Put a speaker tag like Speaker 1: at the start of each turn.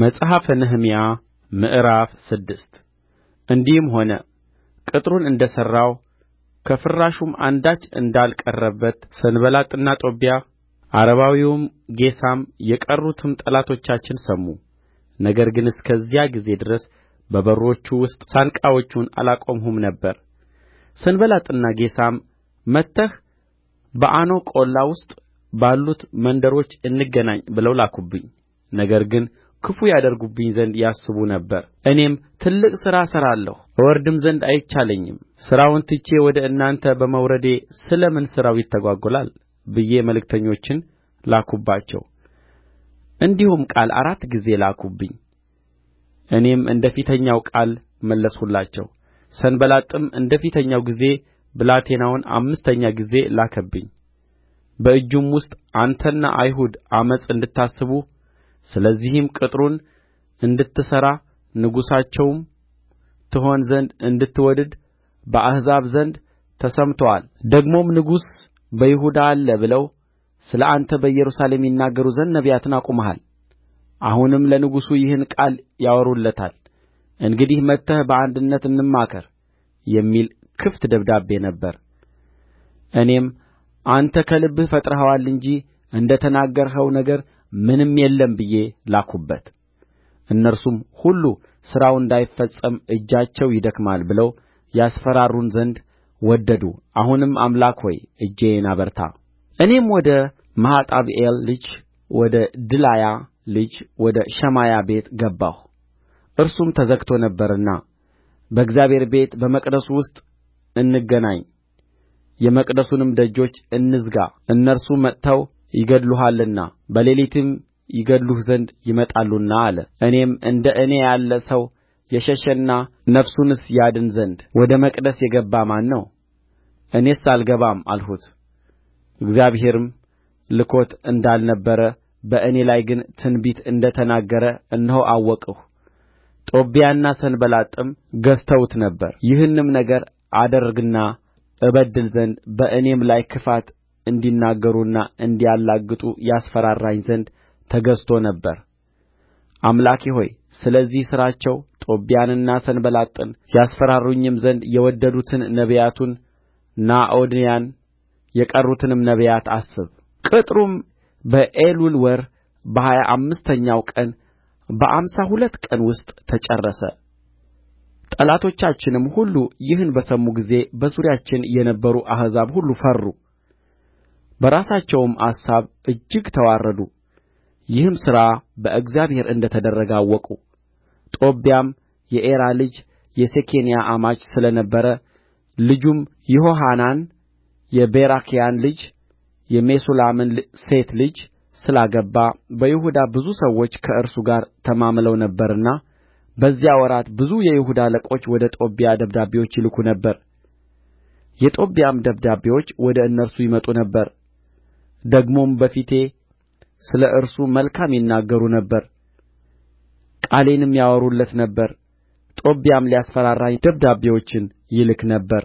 Speaker 1: መጽሐፈ ነህምያ ምዕራፍ ስድስት እንዲህም ሆነ ቅጥሩን እንደ ሠራው ከፍራሹም አንዳች እንዳልቀረበት ሰንባላጥና ጦብያ ዓረባዊውም ጌሳም የቀሩትም ጠላቶቻችን ሰሙ። ነገር ግን እስከዚያ ጊዜ ድረስ በበሮቹ ውስጥ ሳንቃዎቹን አላቆምሁም ነበር። ሰንባላጥና ጌሳም መጥተህ በአኖ ቈላ ውስጥ ባሉት መንደሮች እንገናኝ ብለው ላኩብኝ። ነገር ግን ክፉ ያደርጉብኝ ዘንድ ያስቡ ነበር እኔም ትልቅ ሥራ እሠራለሁ እወርድም ዘንድ አይቻለኝም ሥራውን ትቼ ወደ እናንተ በመውረዴ ስለ ምን ሥራው ይታጐላል ብዬ መልእክተኞችን ላክሁባቸው እንዲሁም ቃል አራት ጊዜ ላኩብኝ እኔም እንደ ፊተኛው ቃል መለስሁላቸው ሰንባላጥም እንደ ፊተኛው ጊዜ ብላቴናውን አምስተኛ ጊዜ ላከብኝ በእጁም ውስጥ አንተና አይሁድ ዓመፅ እንድታስቡ ስለዚህም ቅጥሩን እንድትሠራ ንጉሣቸውም ትሆን ዘንድ እንድትወድድ በአሕዛብ ዘንድ ተሰምቶአል ደግሞም ንጉሥ በይሁዳ አለ ብለው ስለ አንተ በኢየሩሳሌም ይናገሩ ዘንድ ነቢያትን አቁመሃል አሁንም ለንጉሡ ይህን ቃል ያወሩለታል እንግዲህ መጥተህ በአንድነት እንማከር የሚል ክፍት ደብዳቤ ነበር እኔም አንተ ከልብህ ፈጥረኸዋል እንጂ እንደ ተናገርኸው ነገር ምንም የለም ብዬ ላክሁበት እነርሱም ሁሉ ሥራው እንዳይፈጸም እጃቸው ይደክማል ብለው ያስፈራሩን ዘንድ ወደዱ አሁንም አምላክ ሆይ እጄን አበርታ እኔም ወደ መሔጣብኤል ልጅ ወደ ድላያ ልጅ ወደ ሸማያ ቤት ገባሁ እርሱም ተዘግቶ ነበርና በእግዚአብሔር ቤት በመቅደሱ ውስጥ እንገናኝ የመቅደሱንም ደጆች እንዝጋ እነርሱ መጥተው ይገድሉሃልና በሌሊትም ይገድሉህ ዘንድ ይመጣሉና አለ እኔም እንደ እኔ ያለ ሰው የሸሸና ነፍሱንስ ያድን ዘንድ ወደ መቅደስ የገባ ማን ነው እኔስ አልገባም አልሁት እግዚአብሔርም ልኮት እንዳልነበረ በእኔ ላይ ግን ትንቢት እንደ ተናገረ እነሆ አወቅሁ ጦብያና ሰንባላጥም ገዝተውት ነበር ይህንም ነገር አደርግና እበድል ዘንድ በእኔም ላይ ክፋት እንዲናገሩና እንዲያላግጡ ያስፈራራኝ ዘንድ ተገዝቶ ነበር አምላኬ ሆይ ስለዚህ ሥራቸው ጦብያንና ሰንባላጥን ያስፈራሩኝም ዘንድ የወደዱትን ነቢያቱን ኖዓድያን የቀሩትንም ነቢያት አስብ ቅጥሩም በኤሉል ወር በሀያ አምስተኛው ቀን በአምሳ ሁለት ቀን ውስጥ ተጨረሰ ጠላቶቻችንም ሁሉ ይህን በሰሙ ጊዜ በዙሪያችን የነበሩ አሕዛብ ሁሉ ፈሩ በራሳቸውም አሳብ እጅግ ተዋረዱ ይህም ሥራ በእግዚአብሔር እንደ ተደረገ አወቁ ጦብያም የኤራ ልጅ የሴኬንያ አማች ስለ ነበረ ልጁም ይሆሐናን የቤራክያን ልጅ የሜሱላምን ሴት ልጅ ስላገባ በይሁዳ ብዙ ሰዎች ከእርሱ ጋር ተማምለው ነበርና በዚያ ወራት ብዙ የይሁዳ አለቆች ወደ ጦብያ ደብዳቤዎች ይልኩ ነበር የጦብያም ደብዳቤዎች ወደ እነርሱ ይመጡ ነበር ደግሞም በፊቴ ስለ እርሱ መልካም ይናገሩ ነበር ቃሌንም ያወሩለት ነበር ጦብያም ሊያስፈራራኝ ደብዳቤዎችን ይልክ ነበር